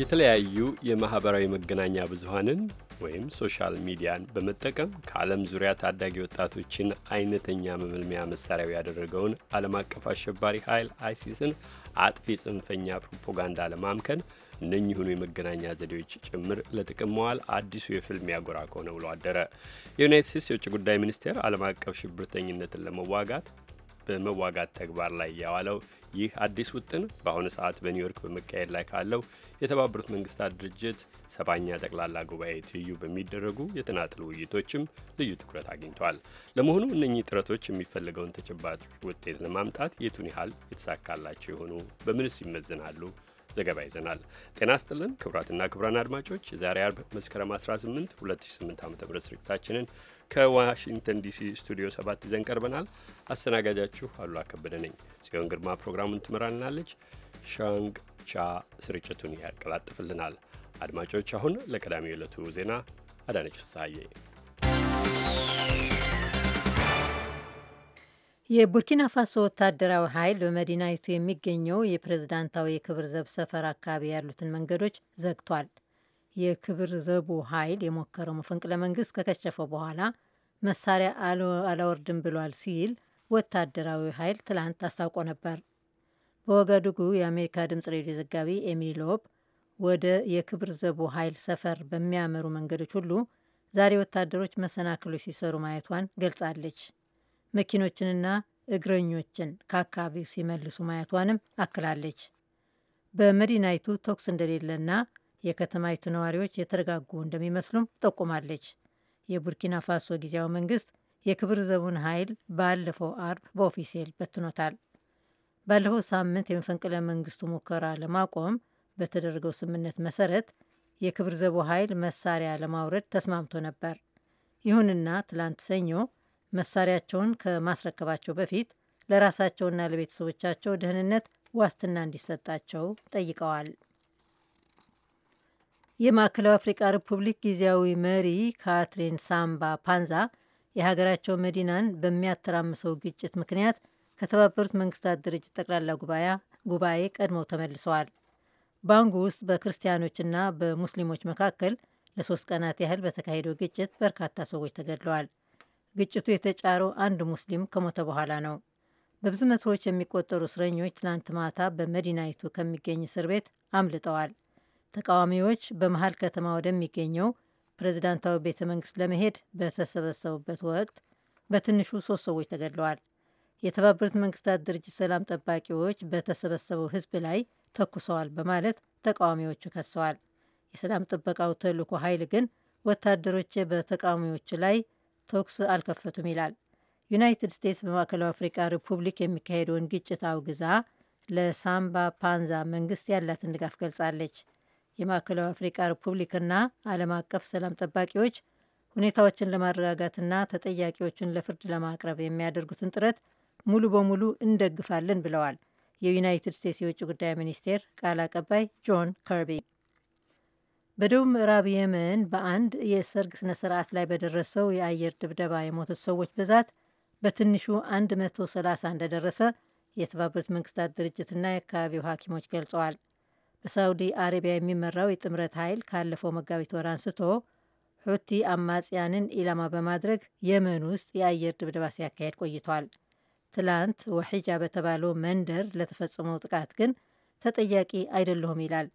የተለያዩ የማህበራዊ መገናኛ ብዙሀንን ወይም ሶሻል ሚዲያን በመጠቀም ከዓለም ዙሪያ ታዳጊ ወጣቶችን አይነተኛ መመልመያ መሳሪያው ያደረገውን ዓለም አቀፍ አሸባሪ ኃይል አይሲስን አጥፊ ጽንፈኛ ፕሮፓጋንዳ ለማምከን እነኚሁኑ የመገናኛ ዘዴዎች ጭምር ለጥቅም መዋል አዲሱ የፍልሚያ ጎራ ከሆነ ውሎ አደረ። የዩናይት ስቴትስ የውጭ ጉዳይ ሚኒስቴር ዓለም አቀፍ ሽብርተኝነትን ለመዋጋት በመዋጋት ተግባር ላይ ያዋለው ይህ አዲስ ውጥን በአሁኑ ሰዓት በኒውዮርክ በመካሄድ ላይ ካለው የተባበሩት መንግስታት ድርጅት ሰባኛ ጠቅላላ ጉባኤ ትይዩ በሚደረጉ የተናጥል ውይይቶችም ልዩ ትኩረት አግኝተዋል። ለመሆኑ እነኚህ ጥረቶች የሚፈልገውን ተጨባጭ ውጤት ለማምጣት የቱን ያህል የተሳካላቸው የሆኑ በምንስ ይመዝናሉ? ዘገባ ይዘናል። ጤና ስጥልን ክቡራትና ክቡራን አድማጮች የዛሬ አርብ መስከረም 18 2008 ዓ ም ስርጭታችንን ከዋሽንግተን ዲሲ ስቱዲዮ ሰባት ይዘን ቀርበናል። አስተናጋጃችሁ አሉላ ከበደ ነኝ። ጽዮን ግርማ ፕሮግራሙን ትመራናለች። ሻንግ ቻ ስርጭቱን ያቀላጥፍልናል። አድማጮች፣ አሁን ለቀዳሚ ዕለቱ ዜና አዳነች ፍሳሐዬ የቡርኪና ፋሶ ወታደራዊ ኃይል በመዲናይቱ የሚገኘው የፕሬዝዳንታዊ የክብር ዘብ ሰፈር አካባቢ ያሉትን መንገዶች ዘግቷል። የክብር ዘቡ ኃይል የሞከረው መፈንቅለ መንግስት ከከሸፈ በኋላ መሳሪያ አላወርድም ብሏል ሲል ወታደራዊ ኃይል ትላንት አስታውቆ ነበር። በወጋዱጉ የአሜሪካ ድምጽ ሬዲዮ ዘጋቢ ኤሚሊ ሎብ ወደ የክብር ዘቡ ኃይል ሰፈር በሚያመሩ መንገዶች ሁሉ ዛሬ ወታደሮች መሰናክሎች ሲሰሩ ማየቷን ገልጻለች። መኪኖችንና እግረኞችን ከአካባቢው ሲመልሱ ማየቷንም አክላለች። በመዲናይቱ ተኩስ እንደሌለና የከተማይቱ ነዋሪዎች የተረጋጉ እንደሚመስሉም ጠቁማለች። የቡርኪና ፋሶ ጊዜያዊ መንግስት የክብር ዘቡን ኃይል ባለፈው አርብ በኦፊሴል በትኖታል። ባለፈው ሳምንት የመፈንቅለ መንግስቱ ሙከራ ለማቆም በተደረገው ስምምነት መሰረት የክብር ዘቡ ኃይል መሳሪያ ለማውረድ ተስማምቶ ነበር። ይሁንና ትላንት ሰኞ መሳሪያቸውን ከማስረከባቸው በፊት ለራሳቸውና ለቤተሰቦቻቸው ደህንነት ዋስትና እንዲሰጣቸው ጠይቀዋል። የማዕከላዊ አፍሪቃ ሪፑብሊክ ጊዜያዊ መሪ ካትሪን ሳምባ ፓንዛ የሀገራቸው መዲናን በሚያተራምሰው ግጭት ምክንያት ከተባበሩት መንግስታት ድርጅት ጠቅላላ ጉባኤ ቀድመው ተመልሰዋል። ባንጉ ውስጥ በክርስቲያኖችና በሙስሊሞች መካከል ለሶስት ቀናት ያህል በተካሄደው ግጭት በርካታ ሰዎች ተገድለዋል። ግጭቱ የተጫረው አንድ ሙስሊም ከሞተ በኋላ ነው። በብዙ መቶዎች የሚቆጠሩ እስረኞች ትላንት ማታ በመዲናይቱ ከሚገኝ እስር ቤት አምልጠዋል። ተቃዋሚዎች በመሀል ከተማ ወደሚገኘው ፕሬዚዳንታዊ ቤተ መንግስት ለመሄድ በተሰበሰቡበት ወቅት በትንሹ ሶስት ሰዎች ተገድለዋል። የተባበሩት መንግስታት ድርጅት ሰላም ጠባቂዎች በተሰበሰበው ህዝብ ላይ ተኩሰዋል በማለት ተቃዋሚዎቹ ከሰዋል። የሰላም ጥበቃው ተልዕኮ ኃይል ግን ወታደሮች በተቃዋሚዎቹ ላይ ተኩስ አልከፈቱም ይላል። ዩናይትድ ስቴትስ በማዕከላዊ አፍሪካ ሪፑብሊክ የሚካሄደውን ግጭት አውግዛ ለሳምባ ፓንዛ መንግስት ያላትን ድጋፍ ገልጻለች። የማዕከላዊ አፍሪካ ሪፑብሊክና ዓለም አቀፍ ሰላም ጠባቂዎች ሁኔታዎችን ለማረጋጋትና ተጠያቂዎችን ለፍርድ ለማቅረብ የሚያደርጉትን ጥረት ሙሉ በሙሉ እንደግፋለን ብለዋል የዩናይትድ ስቴትስ የውጭ ጉዳይ ሚኒስቴር ቃል አቀባይ ጆን ከርቢ። በደቡብ ምዕራብ የመን በአንድ የሰርግ ስነ ስርዓት ላይ በደረሰው የአየር ድብደባ የሞቱት ሰዎች ብዛት በትንሹ 130 እንደደረሰ የተባበሩት መንግስታት ድርጅትና የአካባቢው ሐኪሞች ገልጸዋል። በሳውዲ አረቢያ የሚመራው የጥምረት ኃይል ካለፈው መጋቢት ወር አንስቶ ሑቲ አማጽያንን ኢላማ በማድረግ የመን ውስጥ የአየር ድብደባ ሲያካሄድ ቆይቷል። ትላንት ወሒጃ በተባለው መንደር ለተፈጸመው ጥቃት ግን ተጠያቂ አይደለሁም ይላል።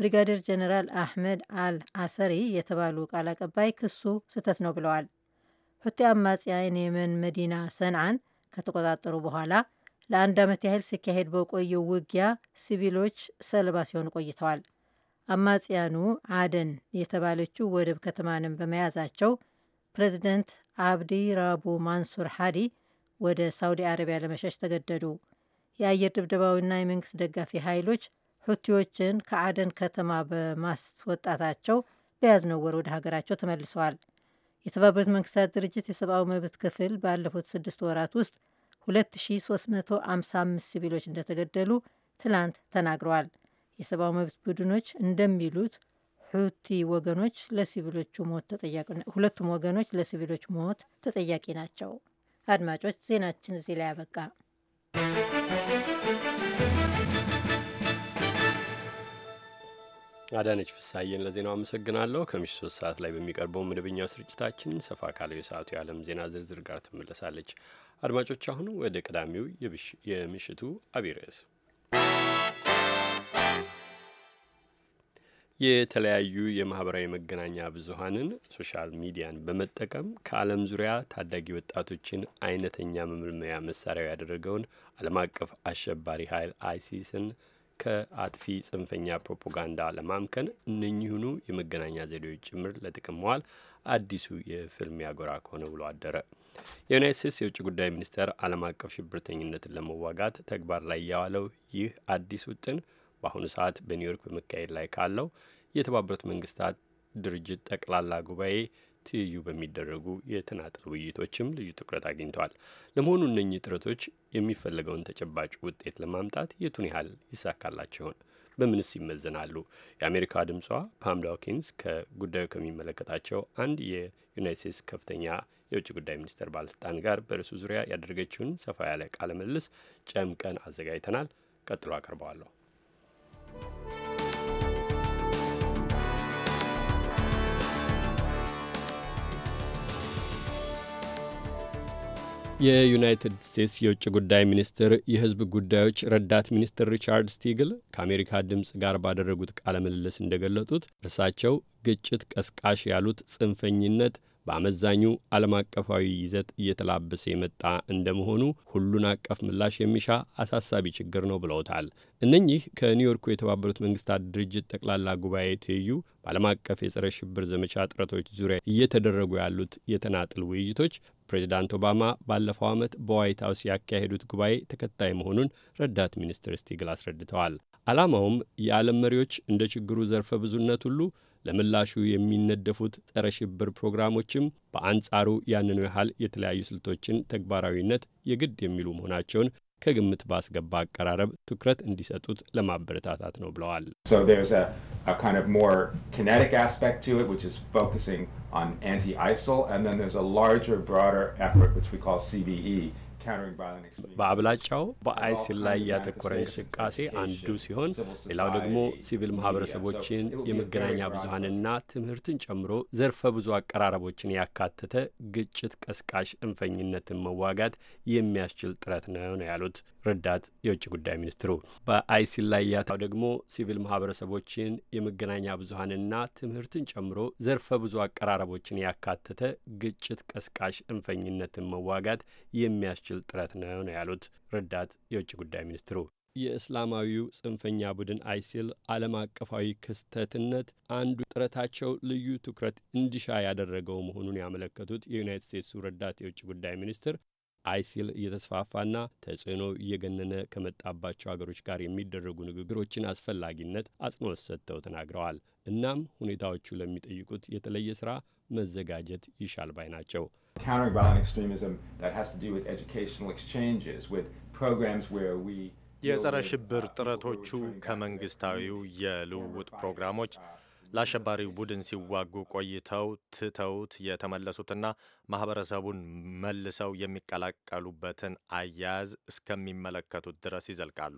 ብሪጋዴር ጀነራል አሕመድ አል አሰሪ የተባሉ ቃል አቀባይ ክሱ ስህተት ነው ብለዋል። ሑቲ አማጽያን የመን መዲና ሰንዓን ከተቆጣጠሩ በኋላ ለአንድ ዓመት ያህል ሲካሄድ በቆየው ውጊያ ሲቪሎች ሰለባ ሲሆኑ ቆይተዋል። አማጽያኑ አደን የተባለችው ወደብ ከተማንም በመያዛቸው ፕሬዚደንት አብዲ ራቡ ማንሱር ሃዲ ወደ ሳውዲ አረቢያ ለመሸሽ ተገደዱ። የአየር ድብደባዊና የመንግስት ደጋፊ ኃይሎች ሁቲዎችን ከአደን ከተማ በማስወጣታቸው በያዝነው ወር ወደ ሀገራቸው ተመልሰዋል። የተባበሩት መንግስታት ድርጅት የሰብአዊ መብት ክፍል ባለፉት ስድስት ወራት ውስጥ 2355 ሲቪሎች እንደተገደሉ ትላንት ተናግረዋል። የሰብአዊ መብት ቡድኖች እንደሚሉት ሁቲ ወገኖች ለሲቪሎቹ ሞት ተጠያቂ ሁለቱም ወገኖች ለሲቪሎች ሞት ተጠያቂ ናቸው። አድማጮች ዜናችን እዚህ ላይ you. አዳነች ፍሳዬን ለዜናው አመሰግናለሁ። ከምሽቱ ሶስት ሰዓት ላይ በሚቀርበው መደበኛው ስርጭታችን ሰፋ ካለው የሰዓቱ የዓለም ዜና ዝርዝር ጋር ትመለሳለች። አድማጮች፣ አሁን ወደ ቀዳሚው የምሽቱ አብይ ርዕስ የተለያዩ የማህበራዊ መገናኛ ብዙሀንን ሶሻል ሚዲያን በመጠቀም ከዓለም ዙሪያ ታዳጊ ወጣቶችን አይነተኛ መመልመያ መሳሪያው ያደረገውን ዓለም አቀፍ አሸባሪ ኃይል አይሲስን ከአጥፊ ጽንፈኛ ፕሮፓጋንዳ ለማምከን እነኚሁኑ የመገናኛ ዘዴዎች ጭምር ለጥቅም መዋል አዲሱ የፍልሚያ ጎራ ከሆነ ውሎ አደረ። የዩናይት ስቴትስ የውጭ ጉዳይ ሚኒስቴር ዓለም አቀፍ ሽብርተኝነትን ለመዋጋት ተግባር ላይ ያዋለው ይህ አዲስ ውጥን በአሁኑ ሰዓት በኒውዮርክ በመካሄድ ላይ ካለው የተባበሩት መንግስታት ድርጅት ጠቅላላ ጉባኤ ትይዩ በሚደረጉ የተናጠል ውይይቶችም ልዩ ትኩረት አግኝተዋል። ለመሆኑ እነኚህ ጥረቶች የሚፈለገውን ተጨባጭ ውጤት ለማምጣት የቱን ያህል ይሳካላቸውን? በምንስ ይመዘናሉ? የአሜሪካ ድምጿ ፓምላ ሆኪንስ ከጉዳዩ ከሚመለከታቸው አንድ የዩናይት ስቴትስ ከፍተኛ የውጭ ጉዳይ ሚኒስቴር ባለስልጣን ጋር በርዕሱ ዙሪያ ያደረገችውን ሰፋ ያለ ቃለ ምልልስ ጨምቀን አዘጋጅተናል። ቀጥሎ አቀርበዋለሁ። የዩናይትድ ስቴትስ የውጭ ጉዳይ ሚኒስትር የሕዝብ ጉዳዮች ረዳት ሚኒስትር ሪቻርድ ስቲግል ከአሜሪካ ድምፅ ጋር ባደረጉት ቃለ ምልልስ እንደገለጡት እርሳቸው ግጭት ቀስቃሽ ያሉት ጽንፈኝነት በአመዛኙ ዓለም አቀፋዊ ይዘት እየተላበሰ የመጣ እንደመሆኑ ሁሉን አቀፍ ምላሽ የሚሻ አሳሳቢ ችግር ነው ብለውታል። እነኚህ ከኒውዮርኩ የተባበሩት መንግስታት ድርጅት ጠቅላላ ጉባኤ ትይዩ በዓለም አቀፍ የጸረ ሽብር ዘመቻ ጥረቶች ዙሪያ እየተደረጉ ያሉት የተናጥል ውይይቶች ፕሬዚዳንት ኦባማ ባለፈው ዓመት በዋይት ሀውስ ያካሄዱት ጉባኤ ተከታይ መሆኑን ረዳት ሚኒስትር ስቲግል አስረድተዋል። ዓላማውም የዓለም መሪዎች እንደ ችግሩ ዘርፈ ብዙነት ሁሉ ለምላሹ የሚነደፉት ጸረ ሽብር ፕሮግራሞችም በአንጻሩ ያንኑ ያህል የተለያዩ ስልቶችን ተግባራዊነት የግድ የሚሉ መሆናቸውን ከግምት ባስገባ አቀራረብ ትኩረት እንዲሰጡት ለማበረታታት ነው ብለዋል። on anti-ISIL, and then there's a larger, broader effort, which we call CBE, በአብላጫው በአይሲል ላይ ያተኮረ እንቅስቃሴ አንዱ ሲሆን ሌላው ደግሞ ሲቪል ማህበረሰቦችን የመገናኛ ብዙሀንና ትምህርትን ጨምሮ ዘርፈ ብዙ አቀራረቦችን ያካተተ ግጭት ቀስቃሽ እንፈኝነትን መዋጋት የሚያስችል ጥረት ነው ነው ያሉት ረዳት የውጭ ጉዳይ ሚኒስትሩ በአይሲል ላይ ያታው ደግሞ ሲቪል ማህበረሰቦችን የመገናኛ ብዙሀንና ትምህርትን ጨምሮ ዘርፈ ብዙ አቀራረቦችን ያካተተ ግጭት ቀስቃሽ እንፈኝነትን መዋጋት የሚያስችል ጥረት ነው ነው ያሉት ረዳት የውጭ ጉዳይ ሚኒስትሩ። የእስላማዊው ጽንፈኛ ቡድን አይሲል ዓለም አቀፋዊ ክስተትነት አንዱ ጥረታቸው ልዩ ትኩረት እንዲሻ ያደረገው መሆኑን ያመለከቱት የዩናይትድ ስቴትሱ ረዳት የውጭ ጉዳይ ሚኒስትር አይሲል እየተስፋፋና ተጽዕኖ እየገነነ ከመጣባቸው አገሮች ጋር የሚደረጉ ንግግሮችን አስፈላጊነት አጽንኦት ሰጥተው ተናግረዋል። እናም ሁኔታዎቹ ለሚጠይቁት የተለየ ስራ መዘጋጀት ይሻል ባይ ናቸው። የጸረ ሽብር ጥረቶቹ ከመንግስታዊው የልውውጥ ፕሮግራሞች ለአሸባሪው ቡድን ሲዋጉ ቆይተው ትተውት የተመለሱትና ማህበረሰቡን መልሰው የሚቀላቀሉበትን አያያዝ እስከሚመለከቱት ድረስ ይዘልቃሉ።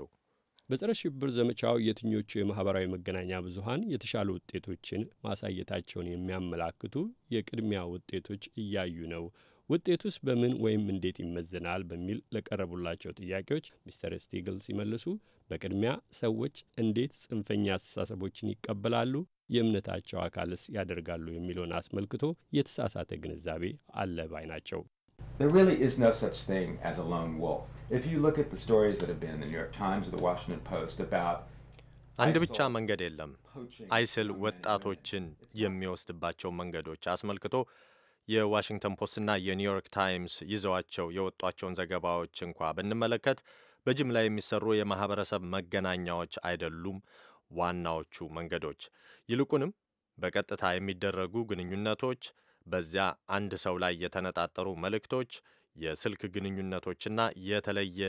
በጸረ ሽብር ዘመቻው የትኞቹ የማህበራዊ መገናኛ ብዙሀን የተሻሉ ውጤቶችን ማሳየታቸውን የሚያመላክቱ የቅድሚያ ውጤቶች እያዩ ነው? ውጤቱስ በምን ወይም እንዴት ይመዘናል? በሚል ለቀረቡላቸው ጥያቄዎች ሚስተር ስቲግል ሲመልሱ በቅድሚያ ሰዎች እንዴት ጽንፈኛ አስተሳሰቦችን ይቀበላሉ፣ የእምነታቸው አካልስ ያደርጋሉ የሚለውን አስመልክቶ የተሳሳተ ግንዛቤ አለ ባይ ናቸው። There really is no such thing as a lone wolf. If you look at the stories that have been in the New York Times or the Washington Post about አንድ ብቻ መንገድ የለም። አይስል ወጣቶችን የሚወስድባቸው መንገዶች አስመልክቶ የዋሽንግተን ፖስትና የኒውዮርክ ታይምስ ይዘዋቸው የወጧቸውን ዘገባዎች እንኳ ብንመለከት በጅምላ የሚሰሩ የማህበረሰብ መገናኛዎች አይደሉም። ዋናዎቹ መንገዶች። ይልቁንም በቀጥታ የሚደረጉ ግንኙነቶች፣ በዚያ አንድ ሰው ላይ የተነጣጠሩ መልእክቶች፣ የስልክ ግንኙነቶችና የተለየ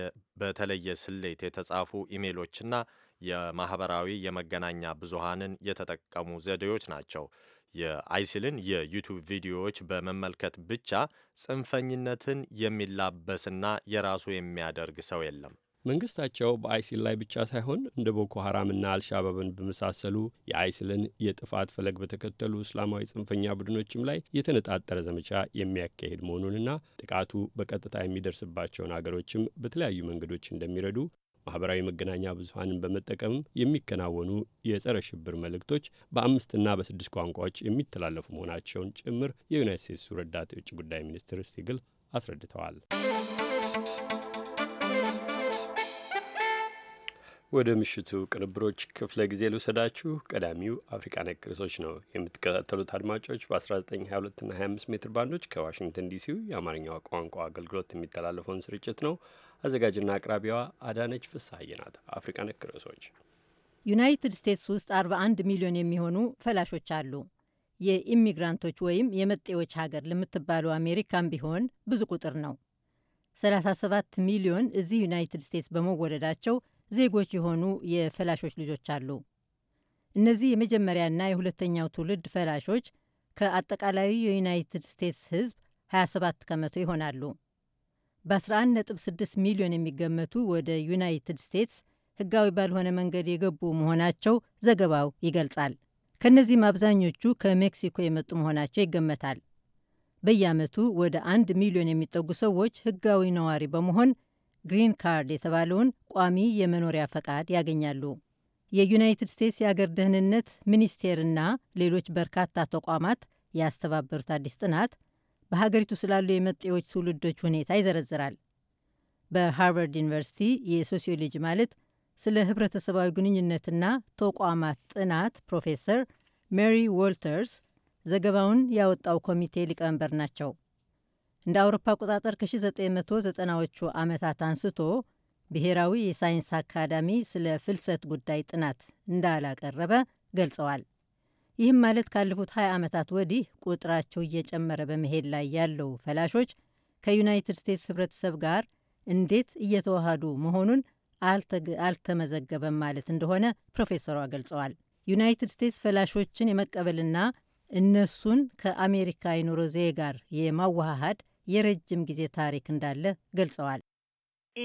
በተለየ ስሌት የተጻፉ ኢሜሎችና የማህበራዊ የመገናኛ ብዙሃንን የተጠቀሙ ዘዴዎች ናቸው። የአይሲልን የዩቱብ ቪዲዮዎች በመመልከት ብቻ ጽንፈኝነትን የሚላበስና የራሱ የሚያደርግ ሰው የለም። መንግስታቸው በአይሲል ላይ ብቻ ሳይሆን እንደ ቦኮ ሐራምና አልሻባብን በመሳሰሉ የአይሲልን የጥፋት ፈለግ በተከተሉ እስላማዊ ጽንፈኛ ቡድኖችም ላይ የተነጣጠረ ዘመቻ የሚያካሄድ መሆኑንና ጥቃቱ በቀጥታ የሚደርስባቸውን አገሮችም በተለያዩ መንገዶች እንደሚረዱ ማህበራዊ መገናኛ ብዙሀንን በመጠቀም የሚከናወኑ የጸረ ሽብር መልእክቶች በአምስትና በስድስት ቋንቋዎች የሚተላለፉ መሆናቸውን ጭምር የዩናይት ስቴትሱ ረዳት የውጭ ጉዳይ ሚኒስትር ሲግል አስረድተዋል። ወደ ምሽቱ ቅንብሮች ክፍለ ጊዜ ልውሰዳችሁ። ቀዳሚው አፍሪቃ ነክ ርዕሶች ነው የምትከታተሉት አድማጮች። በ1922 እና 25 ሜትር ባንዶች ከዋሽንግተን ዲሲው የአማርኛው ቋንቋ አገልግሎት የሚተላለፈውን ስርጭት ነው። አዘጋጅና አቅራቢዋ አዳነች ፍስሐዬ ናት። አፍሪቃ ነክ ርዕሶች ዩናይትድ ስቴትስ ውስጥ 41 ሚሊዮን የሚሆኑ ፈላሾች አሉ። የኢሚግራንቶች ወይም የመጤዎች ሀገር ለምትባለው አሜሪካም ቢሆን ብዙ ቁጥር ነው። 37 ሚሊዮን እዚህ ዩናይትድ ስቴትስ በመወለዳቸው ዜጎች የሆኑ የፈላሾች ልጆች አሉ። እነዚህ የመጀመሪያና የሁለተኛው ትውልድ ፈላሾች ከአጠቃላዩ የዩናይትድ ስቴትስ ሕዝብ 27 ከመቶ ይሆናሉ። በ11.6 ሚሊዮን የሚገመቱ ወደ ዩናይትድ ስቴትስ ሕጋዊ ባልሆነ መንገድ የገቡ መሆናቸው ዘገባው ይገልጻል። ከእነዚህም አብዛኞቹ ከሜክሲኮ የመጡ መሆናቸው ይገመታል። በየዓመቱ ወደ አንድ ሚሊዮን የሚጠጉ ሰዎች ሕጋዊ ነዋሪ በመሆን ግሪን ካርድ የተባለውን ቋሚ የመኖሪያ ፈቃድ ያገኛሉ። የዩናይትድ ስቴትስ የአገር ደህንነት ሚኒስቴርና ሌሎች በርካታ ተቋማት ያስተባበሩት አዲስ ጥናት በሀገሪቱ ስላሉ የመጤዎች ትውልዶች ሁኔታ ይዘረዝራል። በሃርቨርድ ዩኒቨርሲቲ የሶሲዮሎጂ ማለት ስለ ህብረተሰባዊ ግንኙነትና ተቋማት ጥናት ፕሮፌሰር ሜሪ ዎልተርስ ዘገባውን ያወጣው ኮሚቴ ሊቀመንበር ናቸው። እንደ አውሮፓ አቆጣጠር ከ1990ዎቹ ዓመታት አንስቶ ብሔራዊ የሳይንስ አካዳሚ ስለ ፍልሰት ጉዳይ ጥናት እንዳላቀረበ ገልጸዋል። ይህም ማለት ካለፉት 20 ዓመታት ወዲህ ቁጥራቸው እየጨመረ በመሄድ ላይ ያለው ፈላሾች ከዩናይትድ ስቴትስ ህብረተሰብ ጋር እንዴት እየተዋሃዱ መሆኑን አልተመዘገበም ማለት እንደሆነ ፕሮፌሰሯ ገልጸዋል። ዩናይትድ ስቴትስ ፈላሾችን የመቀበልና እነሱን ከአሜሪካ የኑሮ ዘዬ ጋር የማዋሃድ የረጅም ጊዜ ታሪክ እንዳለ ገልጸዋል።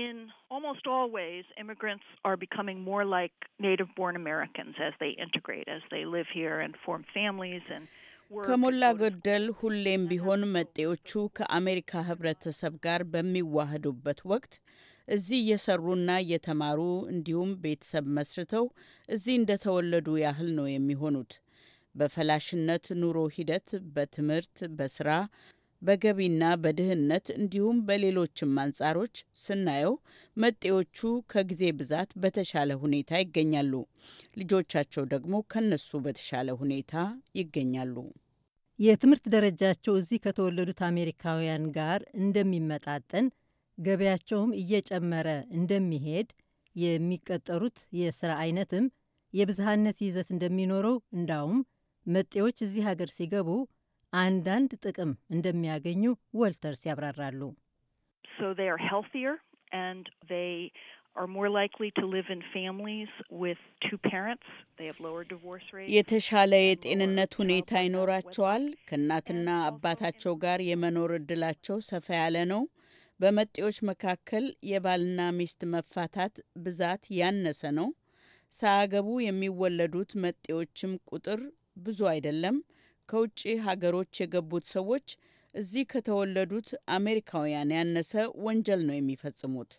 In almost all ways, immigrants are becoming more like native born Americans as they integrate, as they live here and form families and ከሞላ ጎደል ሁሌም ቢሆን መጤዎቹ ከአሜሪካ ህብረተሰብ ጋር በሚዋህዱበት ወቅት እዚህ እየሰሩና እየተማሩ እንዲሁም ቤተሰብ መስርተው እዚህ እንደተወለዱ ያህል ነው የሚሆኑት። በፈላሽነት ኑሮ ሂደት፣ በትምህርት፣ በስራ በገቢና በድህነት እንዲሁም በሌሎችም አንጻሮች ስናየው መጤዎቹ ከጊዜ ብዛት በተሻለ ሁኔታ ይገኛሉ። ልጆቻቸው ደግሞ ከነሱ በተሻለ ሁኔታ ይገኛሉ። የትምህርት ደረጃቸው እዚህ ከተወለዱት አሜሪካውያን ጋር እንደሚመጣጠን፣ ገበያቸውም እየጨመረ እንደሚሄድ፣ የሚቀጠሩት የስራ አይነትም የብዝሃነት ይዘት እንደሚኖረው፣ እንዳውም መጤዎች እዚህ ሀገር ሲገቡ አንዳንድ ጥቅም እንደሚያገኙ ወልተርስ ያብራራሉ። የተሻለ የጤንነት ሁኔታ ይኖራቸዋል። ከእናትና አባታቸው ጋር የመኖር እድላቸው ሰፋ ያለ ነው። በመጤዎች መካከል የባልና ሚስት መፋታት ብዛት ያነሰ ነው። ሳያገቡ የሚወለዱት መጤዎችም ቁጥር ብዙ አይደለም። ከውጭ ሀገሮች የገቡት ሰዎች እዚህ ከተወለዱት አሜሪካውያን ያነሰ ወንጀል ነው የሚፈጽሙት።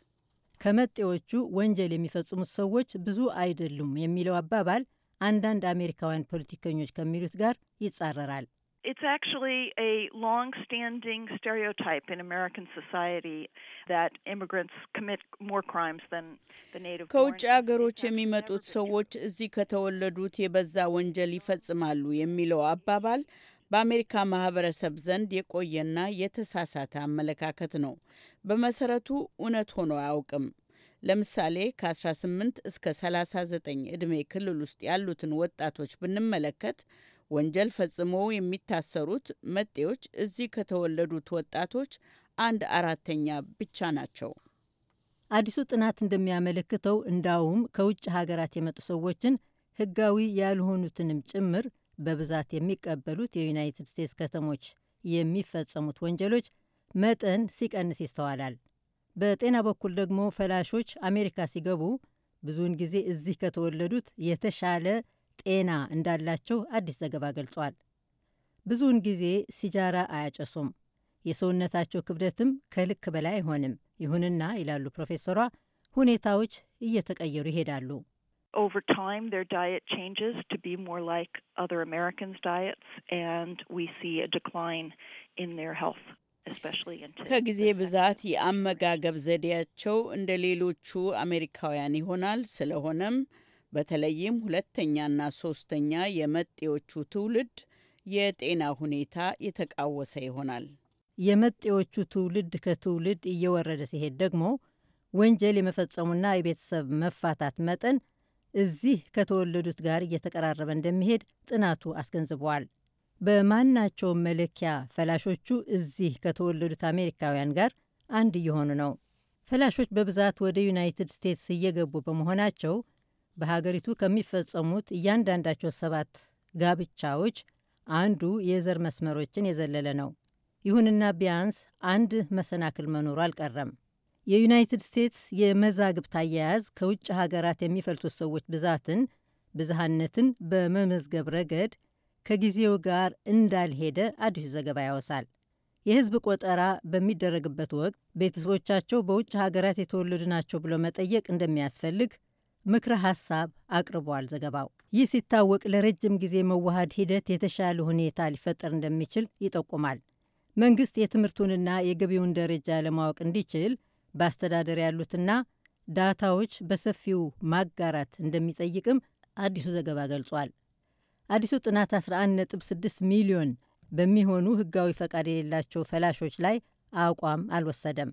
ከመጤዎቹ ወንጀል የሚፈጽሙት ሰዎች ብዙ አይደሉም የሚለው አባባል አንዳንድ አሜሪካውያን ፖለቲከኞች ከሚሉት ጋር ይጻረራል። It's actually a long standing stereotype in American society that immigrants commit more crimes than the native ከውጭ ሀገሮች የሚመጡት ሰዎች እዚህ ከተወለዱት የበዛ ወንጀል ይፈጽማሉ የሚለው አባባል በአሜሪካ ማህበረሰብ ዘንድ የቆየና የተሳሳተ አመለካከት ነው። በመሰረቱ እውነት ሆኖ አያውቅም። ለምሳሌ ከ18 እስከ 39 ዕድሜ ክልል ውስጥ ያሉትን ወጣቶች ብንመለከት ወንጀል ፈጽመው የሚታሰሩት መጤዎች እዚህ ከተወለዱት ወጣቶች አንድ አራተኛ ብቻ ናቸው። አዲሱ ጥናት እንደሚያመለክተው እንዳውም ከውጭ ሀገራት የመጡ ሰዎችን ህጋዊ ያልሆኑትንም ጭምር በብዛት የሚቀበሉት የዩናይትድ ስቴትስ ከተሞች የሚፈጸሙት ወንጀሎች መጠን ሲቀንስ ይስተዋላል። በጤና በኩል ደግሞ ፈላሾች አሜሪካ ሲገቡ ብዙውን ጊዜ እዚህ ከተወለዱት የተሻለ ጤና እንዳላቸው አዲስ ዘገባ ገልጿል። ብዙውን ጊዜ ሲጃራ አያጨሱም፣ የሰውነታቸው ክብደትም ከልክ በላይ አይሆንም። ይሁንና ይላሉ ፕሮፌሰሯ፣ ሁኔታዎች እየተቀየሩ ይሄዳሉ። over time their diet changes to be more like other Americans' diets, and we see a decline in their health, especially in ከጊዜ ብዛት የአመጋገብ ዘዴያቸው እንደ ሌሎቹ አሜሪካውያን ይሆናል። ስለሆነም በተለይም ሁለተኛና ሶስተኛ የመጤዎቹ ትውልድ የጤና ሁኔታ የተቃወሰ ይሆናል። የመጤዎቹ ትውልድ ከትውልድ እየወረደ ሲሄድ ደግሞ ወንጀል የመፈጸሙና የቤተሰብ መፋታት መጠን እዚህ ከተወለዱት ጋር እየተቀራረበ እንደሚሄድ ጥናቱ አስገንዝበዋል። በማናቸውም መለኪያ ፈላሾቹ እዚህ ከተወለዱት አሜሪካውያን ጋር አንድ እየሆኑ ነው። ፈላሾች በብዛት ወደ ዩናይትድ ስቴትስ እየገቡ በመሆናቸው በሀገሪቱ ከሚፈጸሙት እያንዳንዳቸው ሰባት ጋብቻዎች አንዱ የዘር መስመሮችን የዘለለ ነው። ይሁንና ቢያንስ አንድ መሰናክል መኖሩ አልቀረም። የዩናይትድ ስቴትስ የመዛግብት አያያዝ ከውጭ ሀገራት የሚፈልሱት ሰዎች ብዛትን፣ ብዝሃነትን በመመዝገብ ረገድ ከጊዜው ጋር እንዳልሄደ አዲሱ ዘገባ ያወሳል። የሕዝብ ቆጠራ በሚደረግበት ወቅት ቤተሰቦቻቸው በውጭ ሀገራት የተወለዱ ናቸው ብሎ መጠየቅ እንደሚያስፈልግ ምክረ ሐሳብ አቅርቧል። ዘገባው ይህ ሲታወቅ ለረጅም ጊዜ መዋሃድ ሂደት የተሻለ ሁኔታ ሊፈጠር እንደሚችል ይጠቁማል። መንግስት የትምህርቱንና የገቢውን ደረጃ ለማወቅ እንዲችል በአስተዳደር ያሉትና ዳታዎች በሰፊው ማጋራት እንደሚጠይቅም አዲሱ ዘገባ ገልጿል። አዲሱ ጥናት 11.6 ሚሊዮን በሚሆኑ ህጋዊ ፈቃድ የሌላቸው ፈላሾች ላይ አቋም አልወሰደም።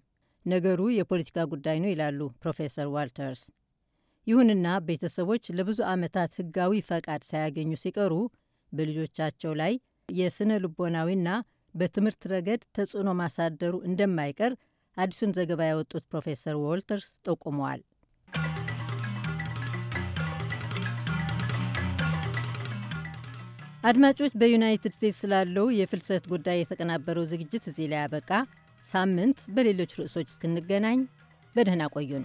ነገሩ የፖለቲካ ጉዳይ ነው ይላሉ ፕሮፌሰር ዋልተርስ። ይሁንና ቤተሰቦች ለብዙ ዓመታት ሕጋዊ ፈቃድ ሳያገኙ ሲቀሩ በልጆቻቸው ላይ የሥነ ልቦናዊና በትምህርት ረገድ ተጽዕኖ ማሳደሩ እንደማይቀር አዲሱን ዘገባ ያወጡት ፕሮፌሰር ዎልተርስ ጠቁመዋል። አድማጮች፣ በዩናይትድ ስቴትስ ስላለው የፍልሰት ጉዳይ የተቀናበረው ዝግጅት እዚህ ላይ ያበቃ። ሳምንት በሌሎች ርዕሶች እስክንገናኝ በደህና ቆዩን።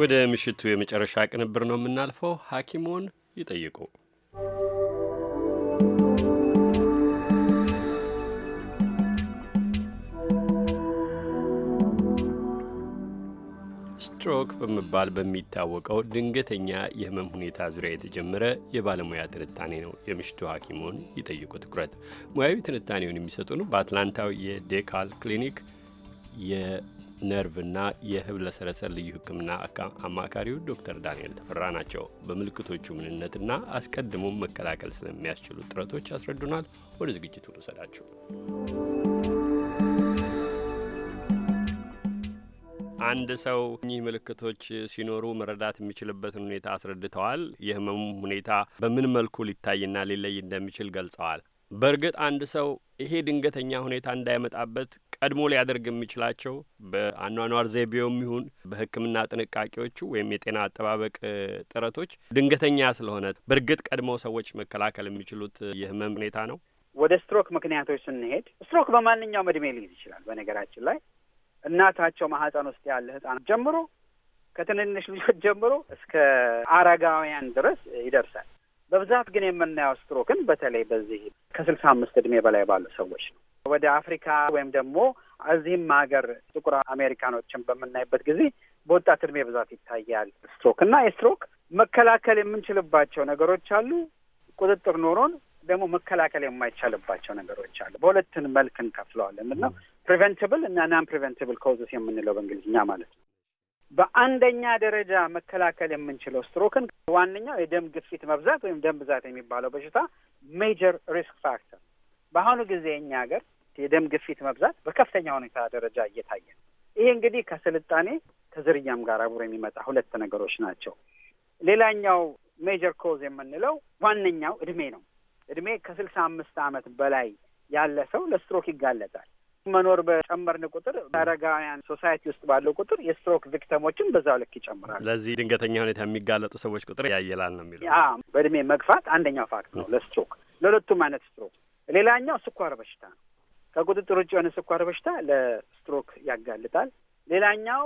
ወደ ምሽቱ የመጨረሻ ቅንብር ነው የምናልፈው። ሐኪሙን ይጠይቁ ስትሮክ በመባል በሚታወቀው ድንገተኛ የህመም ሁኔታ ዙሪያ የተጀመረ የባለሙያ ትንታኔ ነው የምሽቱ ሐኪሙን ይጠይቁ ትኩረት። ሙያዊ ትንታኔውን የሚሰጡን በአትላንታው የዴካል ክሊኒክ ነርቭና የህብለ ሰረሰር ልዩ ሕክምና አማካሪው ዶክተር ዳንኤል ተፈራ ናቸው። በምልክቶቹ ምንነትና አስቀድሞም መከላከል ስለሚያስችሉ ጥረቶች ያስረዱናል። ወደ ዝግጅቱ እንውሰዳችሁ። አንድ ሰው እኚህ ምልክቶች ሲኖሩ መረዳት የሚችልበትን ሁኔታ አስረድተዋል። የህመሙ ሁኔታ በምን መልኩ ሊታይና ሊለይ እንደሚችል ገልጸዋል። በእርግጥ አንድ ሰው ይሄ ድንገተኛ ሁኔታ እንዳይመጣበት ቀድሞ ሊያደርግ የሚችላቸው በአኗኗር ዘይቤውም ይሁን በሕክምና ጥንቃቄዎቹ ወይም የጤና አጠባበቅ ጥረቶች ድንገተኛ ስለሆነ በእርግጥ ቀድሞ ሰዎች መከላከል የሚችሉት የህመም ሁኔታ ነው። ወደ ስትሮክ ምክንያቶች ስንሄድ ስትሮክ በማንኛውም እድሜ ሊይዝ ይችላል። በነገራችን ላይ እናታቸው ማህፀን ውስጥ ያለ ህጻን ጀምሮ ከትንንሽ ልጆች ጀምሮ እስከ አረጋውያን ድረስ ይደርሳል። በብዛት ግን የምናየው ስትሮክን በተለይ በዚህ ከስልሳ አምስት እድሜ በላይ ባሉ ሰዎች ነው። ወደ አፍሪካ ወይም ደግሞ እዚህም ሀገር ጥቁር አሜሪካኖችን በምናይበት ጊዜ በወጣት እድሜ ብዛት ይታያል ስትሮክ እና የስትሮክ መከላከል የምንችልባቸው ነገሮች አሉ። ቁጥጥር ኖሮን ደግሞ መከላከል የማይቻልባቸው ነገሮች አሉ። በሁለትን መልክ እንከፍለዋለን። ምንድን ፕሪቨንትብል እና ናን ፕሪቨንትብል ኮዝስ የምንለው በእንግሊዝኛ ማለት ነው። በአንደኛ ደረጃ መከላከል የምንችለው ስትሮክን ዋነኛው የደም ግፊት መብዛት ወይም ደም ብዛት የሚባለው በሽታ ሜጀር ሪስክ ፋክተር በአሁኑ ጊዜ እኛ ሀገር የደም ግፊት መብዛት በከፍተኛ ሁኔታ ደረጃ እየታየ ይሄ እንግዲህ ከስልጣኔ ከዝርያም ጋር አብሮ የሚመጣ ሁለት ነገሮች ናቸው። ሌላኛው ሜጀር ኮዝ የምንለው ዋነኛው እድሜ ነው። እድሜ ከስልሳ አምስት ዓመት በላይ ያለ ሰው ለስትሮክ ይጋለጣል። መኖር በጨመርን ቁጥር አረጋውያን ሶሳይቲ ውስጥ ባለው ቁጥር የስትሮክ ቪክተሞችን በዛው ልክ ይጨምራል። ለዚህ ድንገተኛ ሁኔታ የሚጋለጡ ሰዎች ቁጥር ያየላል ነው የሚለው። በእድሜ መግፋት አንደኛው ፋክት ነው ለስትሮክ ለሁለቱም አይነት ስትሮክ። ሌላኛው ስኳር በሽታ ነው። ከቁጥጥር ውጭ የሆነ ስኳር በሽታ ለስትሮክ ያጋልጣል። ሌላኛው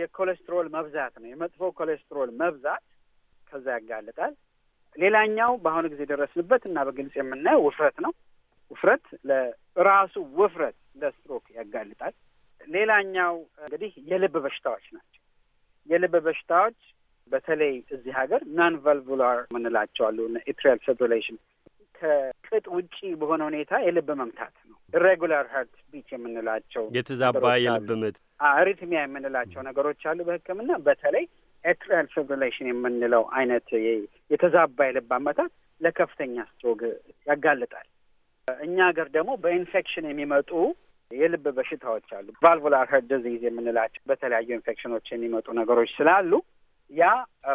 የኮሌስትሮል መብዛት ነው። የመጥፎ ኮሌስትሮል መብዛት ከዛ ያጋልጣል። ሌላኛው በአሁኑ ጊዜ የደረስንበት እና በግልጽ የምናየው ውፍረት ነው። ውፍረት ለራሱ ውፍረት ለስትሮክ ያጋልጣል። ሌላኛው እንግዲህ የልብ በሽታዎች ናቸው። የልብ በሽታዎች በተለይ እዚህ ሀገር ናን ቫልቩላር ምንላቸዋሉ። ኢትሪያል ፊብሪሌሽን ከቅጥ ውጪ በሆነ ሁኔታ የልብ መምታት ነው። ኢሬጉላር ሀርት ቢት የምንላቸው የተዛባ የልብ ምት፣ አሪትሚያ የምንላቸው ነገሮች አሉ። በሕክምና በተለይ ኤትሪያል ፊብሪሌሽን የምንለው አይነት የተዛባ የልብ አመታት ለከፍተኛ ስትሮክ ያጋልጣል። እኛ ሀገር ደግሞ በኢንፌክሽን የሚመጡ የልብ በሽታዎች አሉ። ቫልቮላር ሀርት ዲዚዝ የምንላቸው በተለያዩ ኢንፌክሽኖች የሚመጡ ነገሮች ስላሉ ያ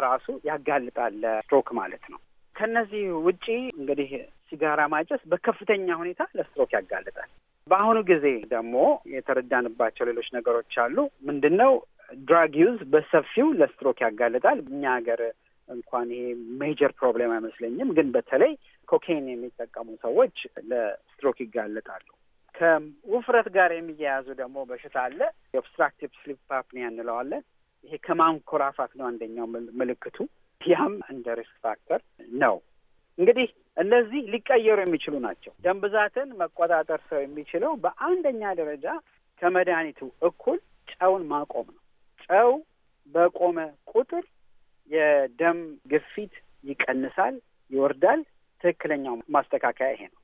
ራሱ ያጋልጣል ስትሮክ ማለት ነው። ከነዚህ ውጪ እንግዲህ ሲጋራ ማጨስ በከፍተኛ ሁኔታ ለስትሮክ ያጋልጣል። በአሁኑ ጊዜ ደግሞ የተረዳንባቸው ሌሎች ነገሮች አሉ። ምንድን ነው ድራግ ዩዝ በሰፊው ለስትሮክ ያጋልጣል። እኛ ሀገር እንኳን ይሄ ሜጀር ፕሮብሌም አይመስለኝም፣ ግን በተለይ ኮኬን የሚጠቀሙ ሰዎች ለስትሮክ ይጋለጣሉ። ከውፍረት ጋር የሚያያዙ ደግሞ በሽታ አለ። የኦብስትራክቲቭ ስሊፕ ፓፕኒያ እንለዋለን። ይሄ ከማንኮራፋት ነው አንደኛው ምልክቱ። ያም እንደ ሪስክ ፋክተር ነው። እንግዲህ እነዚህ ሊቀየሩ የሚችሉ ናቸው። ደም ብዛትን መቆጣጠር ሰው የሚችለው በአንደኛ ደረጃ ከመድኃኒቱ እኩል ጨውን ማቆም ነው። ጨው በቆመ ቁጥር የደም ግፊት ይቀንሳል፣ ይወርዳል። ትክክለኛው ማስተካከያ ይሄ ነው።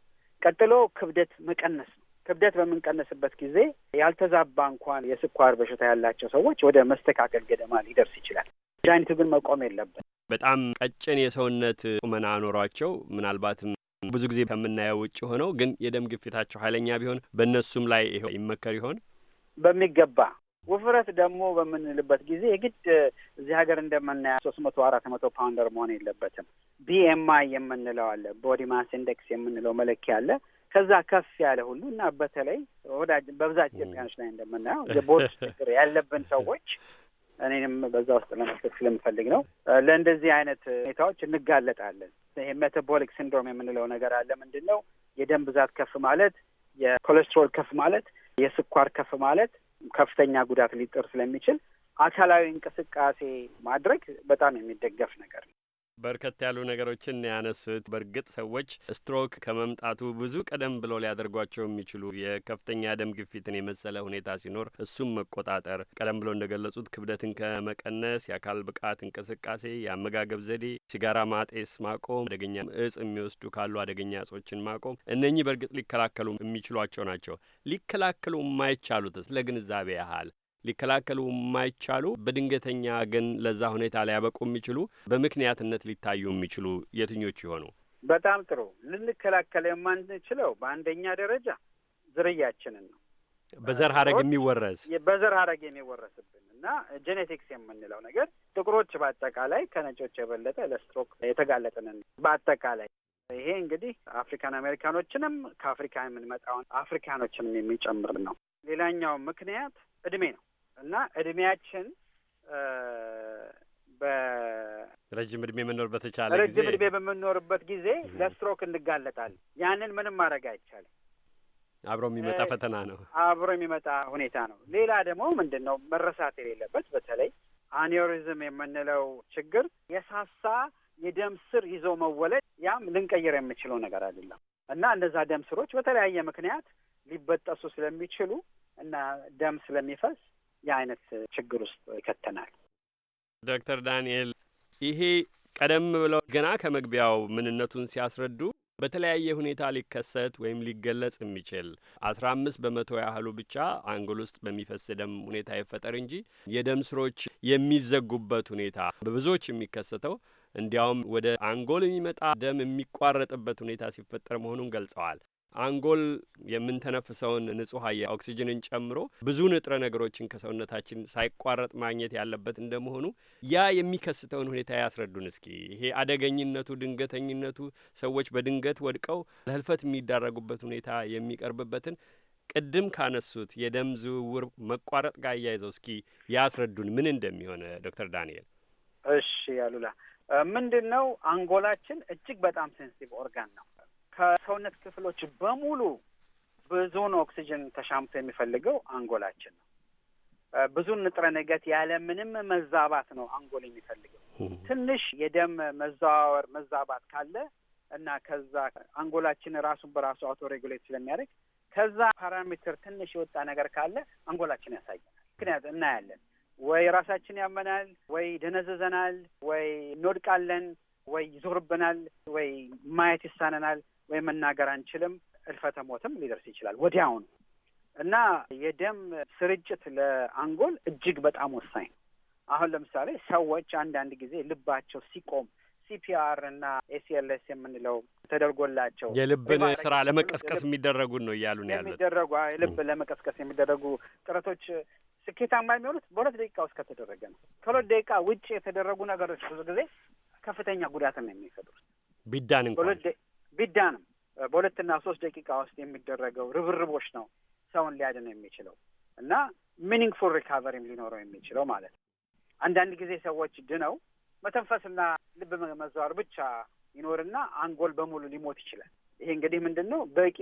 ቀጥሎ ክብደት መቀነስ ነው። ክብደት በምንቀነስበት ጊዜ ያልተዛባ እንኳን የስኳር በሽታ ያላቸው ሰዎች ወደ መስተካከል ገደማ ሊደርስ ይችላል። መድኃኒቱ ግን መቆም የለበት። በጣም ቀጭን የሰውነት ቁመና ኖሯቸው ምናልባትም ብዙ ጊዜ ከምናየው ውጭ ሆነው ግን የደም ግፊታቸው ኃይለኛ ቢሆን በእነሱም ላይ ይመከር ይሆን? በሚገባ ውፍረት ደግሞ በምንልበት ጊዜ የግድ እዚህ ሀገር እንደምናየው ሶስት መቶ አራት መቶ ፓውንደር መሆን የለበትም። ቢኤምአይ የምንለው አለ፣ ቦዲ ማስ ኢንዴክስ የምንለው መለኪያ አለ። ከዛ ከፍ ያለ ሁሉ እና በተለይ ወዳጅ በብዛት ኢትዮጵያኖች ላይ እንደምናየው የቦርድ ችግር ያለብን ሰዎች እኔንም በዛ ውስጥ ለመስጠት ስለምፈልግ ነው። ለእንደዚህ አይነት ሁኔታዎች እንጋለጣለን። ይሄ ሜታቦሊክ ሲንድሮም የምንለው ነገር አለ። ምንድን ነው? የደም ብዛት ከፍ ማለት፣ የኮሌስትሮል ከፍ ማለት፣ የስኳር ከፍ ማለት ከፍተኛ ጉዳት ሊጥር ስለሚችል አካላዊ እንቅስቃሴ ማድረግ በጣም የሚደገፍ ነገር ነው። በርከት ያሉ ነገሮችን ያነሱት። በእርግጥ ሰዎች ስትሮክ ከመምጣቱ ብዙ ቀደም ብለው ሊያደርጓቸው የሚችሉ የከፍተኛ ደም ግፊትን የመሰለ ሁኔታ ሲኖር እሱም መቆጣጠር፣ ቀደም ብለው እንደገለጹት ክብደትን ከመቀነስ፣ የአካል ብቃት እንቅስቃሴ፣ የአመጋገብ ዘዴ፣ ሲጋራ ማጤስ ማቆም፣ አደገኛ እጽ የሚወስዱ ካሉ አደገኛ እጾችን ማቆም፣ እነኚህ በእርግጥ ሊከላከሉ የሚችሏቸው ናቸው። ሊከላከሉ የማይቻሉትስ ለግንዛቤ ያህል ሊከላከሉ የማይቻሉ በድንገተኛ ግን ለዛ ሁኔታ ሊያበቁ የሚችሉ በምክንያትነት ሊታዩ የሚችሉ የትኞቹ ይሆኑ? በጣም ጥሩ። ልንከላከል የማንችለው በአንደኛ ደረጃ ዝርያችንን ነው። በዘር ሀረግ የሚወረስ በዘር ሀረግ የሚወረስብን እና ጄኔቲክስ የምንለው ነገር ጥቁሮች በአጠቃላይ ከነጮች የበለጠ ለስትሮክ የተጋለጥንን በአጠቃላይ ይሄ እንግዲህ አፍሪካን አሜሪካኖችንም ከአፍሪካ የምንመጣውን አፍሪካኖችንም የሚጨምር ነው። ሌላኛው ምክንያት እድሜ ነው። እና እድሜያችን ረጅም እድሜ የምንኖር በተቻለ ረጅም እድሜ በምንኖርበት ጊዜ ለስትሮክ እንጋለጣለን። ያንን ምንም ማድረግ አይቻልም። አብሮ የሚመጣ ፈተና ነው። አብሮ የሚመጣ ሁኔታ ነው። ሌላ ደግሞ ምንድን ነው መረሳት የሌለበት በተለይ አኒዮሪዝም የምንለው ችግር የሳሳ የደም ስር ይዞ መወለድ፣ ያም ልንቀይር የምችለው ነገር አይደለም እና እነዛ ደም ስሮች በተለያየ ምክንያት ሊበጠሱ ስለሚችሉ እና ደም ስለሚፈስ የአይነት ችግር ውስጥ ይከተናል። ዶክተር ዳንኤል ይሄ ቀደም ብለው ገና ከመግቢያው ምንነቱን ሲያስረዱ በተለያየ ሁኔታ ሊከሰት ወይም ሊገለጽ የሚችል አስራ አምስት በመቶ ያህሉ ብቻ አንጎል ውስጥ በሚፈስ ደም ሁኔታ ይፈጠር እንጂ የደም ስሮች የሚዘጉበት ሁኔታ በብዙዎች የሚከሰተው እንዲያውም ወደ አንጎል የሚመጣ ደም የሚቋረጥበት ሁኔታ ሲፈጠር መሆኑን ገልጸዋል። አንጎል የምንተነፍሰውን ንጹህ አየር ኦክሲጅንን ጨምሮ ብዙ ንጥረ ነገሮችን ከሰውነታችን ሳይቋረጥ ማግኘት ያለበት እንደመሆኑ ያ የሚከስተውን ሁኔታ ያስረዱን እስኪ። ይሄ አደገኝነቱ፣ ድንገተኝነቱ ሰዎች በድንገት ወድቀው ለህልፈት የሚዳረጉበት ሁኔታ የሚቀርብበትን ቅድም ካነሱት የደም ዝውውር መቋረጥ ጋር እያይዘው እስኪ ያስረዱን ምን እንደሚሆን ዶክተር ዳንኤል። እሺ፣ አሉላ ምንድን ነው አንጎላችን እጅግ በጣም ሴንሲቲቭ ኦርጋን ነው። ከሰውነት ክፍሎች በሙሉ ብዙውን ኦክሲጅን ተሻምቶ የሚፈልገው አንጎላችን ነው። ብዙን ንጥረ ነገር ምንም መዛባት ነው አንጎል የሚፈልገው። ትንሽ የደም መዘዋወር መዛባት ካለ እና ከዛ አንጎላችን ራሱን በራሱ አውቶ ሬጉሌት ስለሚያደርግ ከዛ ፓራሜትር ትንሽ የወጣ ነገር ካለ አንጎላችን ያሳየናል። ምክንያት እናያለን ወይ ራሳችን ያመናል፣ ወይ ደነዘዘናል፣ ወይ እንወድቃለን፣ ወይ ይዞርብናል፣ ወይ ማየት ይሳነናል። ወይም መናገር አንችልም። እልፈተ ሞትም ሊደርስ ይችላል ወዲያውኑ እና የደም ስርጭት ለአንጎል እጅግ በጣም ወሳኝ ነው። አሁን ለምሳሌ ሰዎች አንዳንድ ጊዜ ልባቸው ሲቆም ሲፒአር እና ኤሲኤልኤስ የምንለው ተደርጎላቸው የልብን ስራ ለመቀስቀስ የሚደረጉን ነው እያሉ ነው ያሉት። የሚደረጉ ልብ ለመቀስቀስ የሚደረጉ ጥረቶች ስኬታማ የሚሆኑት በሁለት ደቂቃ ውስጥ ከተደረገ ነው። ከሁለት ደቂቃ ውጭ የተደረጉ ነገሮች ብዙ ጊዜ ከፍተኛ ጉዳት ነው የሚፈጥሩት ቢዳን እንኳን ቢዳንም በሁለትና ሶስት ደቂቃ ውስጥ የሚደረገው ርብርቦች ነው ሰውን ሊያድን የሚችለው እና ሚኒንግፉል ሪካቨሪም ሊኖረው የሚችለው ማለት ነው። አንዳንድ ጊዜ ሰዎች ድነው መተንፈስና ልብ መዘዋወር ብቻ ይኖርና አንጎል በሙሉ ሊሞት ይችላል። ይሄ እንግዲህ ምንድን ነው በቂ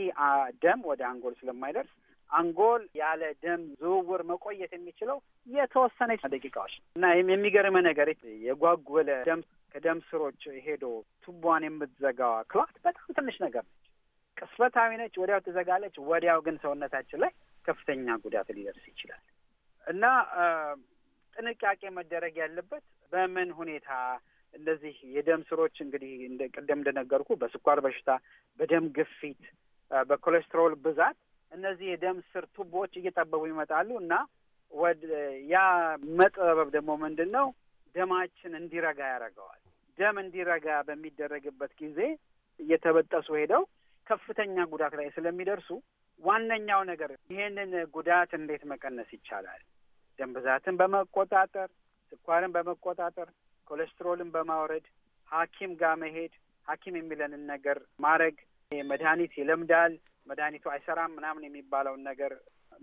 ደም ወደ አንጎል ስለማይደርስ አንጎል ያለ ደም ዝውውር መቆየት የሚችለው የተወሰነ ደቂቃዎች እና የሚገርመ ነገር የጓጎለ ደም ከደም ስሮች ሄዶ ቱቧን የምትዘጋዋ ክላት በጣም ትንሽ ነገር ነች። ቅስፈታዊ ነች። ወዲያው ትዘጋለች። ወዲያው ግን ሰውነታችን ላይ ከፍተኛ ጉዳት ሊደርስ ይችላል እና ጥንቃቄ መደረግ ያለበት በምን ሁኔታ እነዚህ የደም ስሮች እንግዲህ ቅደም እንደነገርኩ በስኳር በሽታ፣ በደም ግፊት፣ በኮሌስትሮል ብዛት እነዚህ የደም ስር ቱቦዎች እየጠበቡ ይመጣሉ እና ወደ ያ መጥበብ ደግሞ ምንድን ነው ደማችን እንዲረጋ ያደርገዋል። ደም እንዲረጋ በሚደረግበት ጊዜ እየተበጠሱ ሄደው ከፍተኛ ጉዳት ላይ ስለሚደርሱ ዋነኛው ነገር ይህንን ጉዳት እንዴት መቀነስ ይቻላል? ደም ብዛትን በመቆጣጠር፣ ስኳርን በመቆጣጠር፣ ኮሌስትሮልን በማውረድ፣ ሐኪም ጋር መሄድ፣ ሐኪም የሚለንን ነገር ማድረግ፣ መድኃኒት ይለምዳል፣ መድኃኒቱ አይሰራም ምናምን የሚባለውን ነገር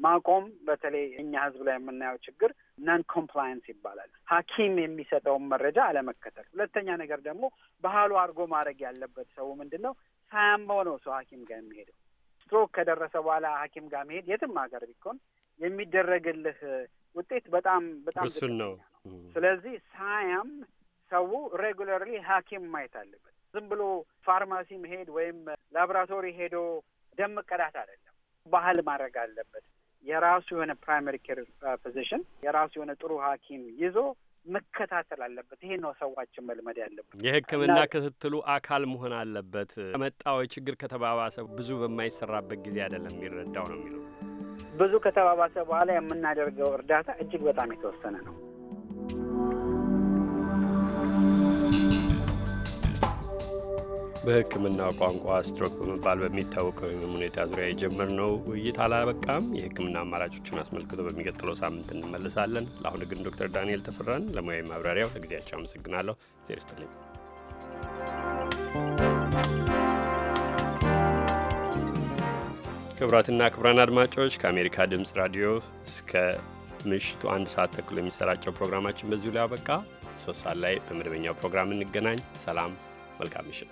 ማቆም፣ በተለይ እኛ ህዝብ ላይ የምናየው ችግር ናን ኮምፕላያንስ ይባላል። ሐኪም የሚሰጠውን መረጃ አለመከተል። ሁለተኛ ነገር ደግሞ ባህሉ አድርጎ ማድረግ ያለበት ሰው ምንድን ነው ሳያመው ነው ሰው ሐኪም ጋር የሚሄደው። ስትሮክ ከደረሰ በኋላ ሐኪም ጋር መሄድ የትም ሀገር ቢኮን የሚደረግልህ ውጤት በጣም በጣም ነው። ስለዚህ ሳያም ሰው ሬጉለርሊ ሐኪም ማየት አለበት። ዝም ብሎ ፋርማሲ መሄድ ወይም ላብራቶሪ ሄዶ ደም መቀዳት አይደለም። ባህል ማድረግ አለበት። የራሱ የሆነ ፕራይመሪ ኬር ፊዚሽን የራሱ የሆነ ጥሩ ሐኪም ይዞ መከታተል አለበት። ይሄ ነው ሰዋችን መልመድ ያለበት። የህክምና ክትትሉ አካል መሆን አለበት። ከመጣው ችግር ከተባባሰ ብዙ በማይሰራበት ጊዜ አይደለም የሚረዳው ነው የሚለው ብዙ ከተባባሰ በኋላ የምናደርገው እርዳታ እጅግ በጣም የተወሰነ ነው። በሕክምናው ቋንቋ ስትሮክ በመባል በሚታወቀው የህመም ሁኔታ ዙሪያ የጀመርነው ውይይት አላበቃም። የሕክምና አማራጮችን አስመልክቶ በሚቀጥለው ሳምንት እንመልሳለን። ለአሁን ግን ዶክተር ዳንኤል ተፈራን ለሙያዊ ማብራሪያው ለጊዜያቸው አመሰግናለሁ። ዜር ይስጥልኝ። ክቡራትና ክቡራን አድማጮች ከአሜሪካ ድምፅ ራዲዮ እስከ ምሽቱ አንድ ሰዓት ተኩል የሚሰራጨው ፕሮግራማችን በዚሁ ላይ አበቃ። ሶስት ሰዓት ላይ በመደበኛው ፕሮግራም እንገናኝ። ሰላም፣ መልካም ምሽት።